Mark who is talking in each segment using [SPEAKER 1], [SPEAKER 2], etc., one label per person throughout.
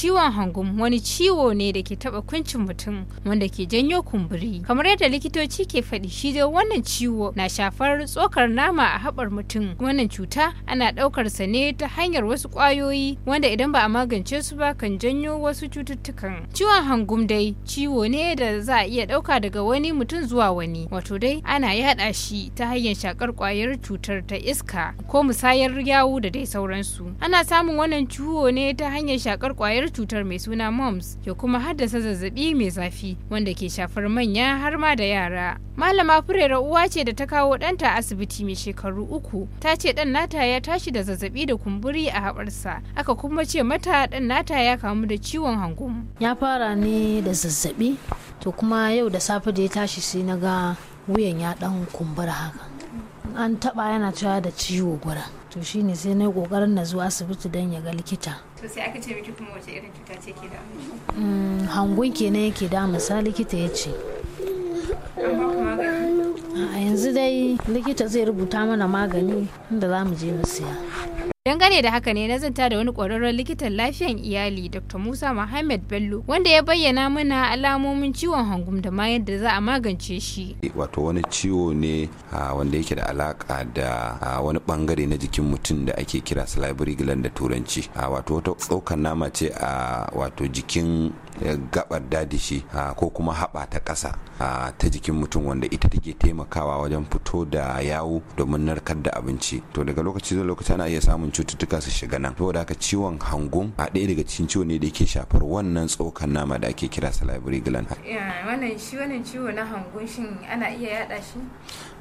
[SPEAKER 1] ciwon hangum wani ciwo ne da ke taba kuncin mutum wanda ke janyo kumburi kamar yadda likitoci ke faɗi shi dai wannan ciwo na shafar tsokar nama a haɓar mutum wannan cuta ana ɗaukar sa ne ta hanyar wasu ƙwayoyi wanda idan ba a magance su ba kan janyo wasu cututtukan ciwon hangum dai ciwo ne da za a iya ɗauka daga wani mutum zuwa wani wato dai ana yaɗa shi ta hanyar shakar ƙwayar cutar ta iska ko musayar yawu da dai sauransu ana samun wannan ciwo ne ta hanyar shakar ƙwayar kwayar cutar mai suna moms ke kuma haddasa zazzabi mai zafi wanda ke shafar manya har ma da yara malama furera uwa ce da ta kawo ɗanta asibiti mai shekaru uku ta ce ɗan nata ya tashi da zazzabi da kumburi a haɓarsa aka kuma ce mata ɗan nata ya
[SPEAKER 2] kamu da ciwon hangum ya fara ne da zazzabi to kuma yau da safe da ya tashi sai na ga wuyan ya ɗan kumbura haka an taɓa yana cewa da ciwo gura to shine sai na kokarin na zuwa asibiti don ya ga likita
[SPEAKER 1] to sai aka ce miki kuma wace irin
[SPEAKER 2] cuta ce ke da mm, hangun kenan yake da misali likita ya ce likita zai rubuta mana magani da za mu je mu siya
[SPEAKER 1] dangane da haka ne na zanta da wani kwararren likitan lafiyan iyali dr musa muhammad bello wanda ya bayyana mana alamomin ciwon hangum da ma yadda za a magance shi
[SPEAKER 3] wato wani ciwo ne wanda yake da alaka da wani bangare na jikin mutum da ake kira salivary gland da turanci wato wata tsokan nama ce a wato jikin eh, gabar dadishi ko kuma haɓa ta ƙasa ta jikin mutum wanda ita take taimakawa wajen fito da yawo domin narkar da abinci to daga lokaci zuwa lokaci ana iya samun cututtuka su shiga nan saboda haka ciwon hangum a ɗaya daga cikin ciwo ne da yake shafar wannan tsokan nama da ake kira salivary gland
[SPEAKER 1] wannan shi wannan ciwo na hangum shin ana iya yada shi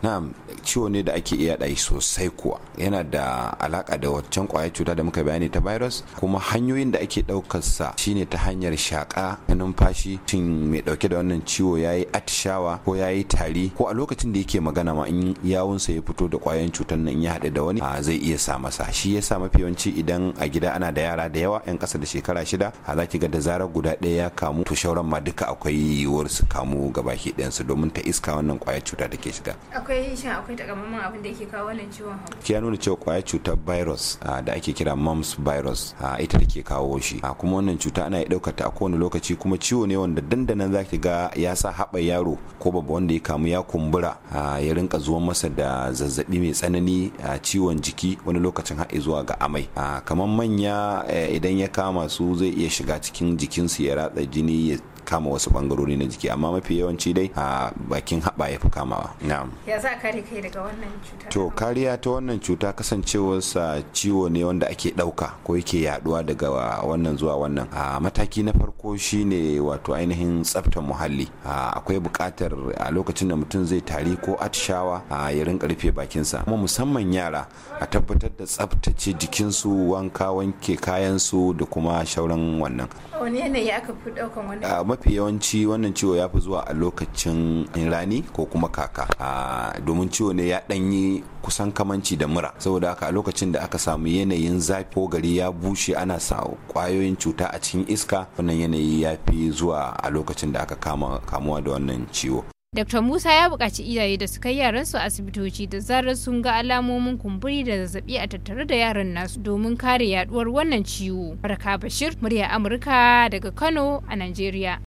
[SPEAKER 3] na'am ciwo ne da ake iya yada sosai kuwa yana da alaka da waccan kwayar cuta da muka bayani ta virus kuma hanyoyin da ake daukar sa shine ta hanyar shaka ta numfashi shin mai dauke da wannan ciwo yayi atishawa ko yayi tari ko a lokacin da yake magana ma in yawunsa ya fito da kwayoyin cutar nan ya hade da wani a zai iya sa masa shi ya sa mafi yawanci idan a gida ana da yara da yawa yan kasa da shekara shida a za ki ga da zarar guda ɗaya ya kamu to shauran ma duka akwai yiwuwar su kamu gabaki su domin ta iska wannan kwayar cuta da ke shiga.
[SPEAKER 1] akwai shin akwai takamaiman abin da ke kawo wannan ciwon
[SPEAKER 3] hauka. ya nuna cewa kwayar cutar virus da ake kira mumps virus ita da ke kawo shi kuma wannan cuta ana iya ɗaukar ta a kowane lokaci kuma ciwo ne wanda dandanan zaki ga ya sa haɓa yaro ko babba wanda ya kamu ya kumbura ya rinka zuwa zuwan masa da zazzabi mai tsanani a ciwon jiki wani lokacin har zuwa ga amai kamar manya eh, idan ya kama su zai iya shiga cikin jikinsu ya ratsa jini ya kama wasu bangarori na jiki amma mafi yawanci dai a bakin haɓa ya fi kamawa
[SPEAKER 1] ya za kare kai daga wannan cuta to
[SPEAKER 3] kariya ta wannan cuta kasancewarsa ciwo ne wanda ake ɗauka ko yake yaduwa daga wannan zuwa wannan a mataki na farko shine wato ainihin tsaftar muhalli akwai buƙatar a lokacin da mutum zai tari ko atishawa ya rinka rufe bakinsa kuma musamman yara a tabbatar da tsaftace jikinsu wanka wanke kayansu da kuma shauran wannan
[SPEAKER 1] wani yanayi aka fi ɗaukan wannan
[SPEAKER 3] mafi yawanci wannan ciwo ya fi zuwa a lokacin rani ko kuma kaka domin ciwo ne ya ɗanyi kusan kamanci da mura saboda haka a lokacin da aka samu yanayin zafi ko gari ya bushe ana sa kwayoyin cuta a cikin iska wannan yanayi ya fi zuwa a lokacin da aka kama kamuwa da wannan ciwo
[SPEAKER 1] Dr. Musa ya buƙaci iyaye da su kai yaransu asibitoci da zarar sun ga alamomin kumburi da zazzabi a tattare da yaran nasu domin kare yaduwar wannan ciwo. Baraka Bashir, murya Amurka daga Kano a Najeriya.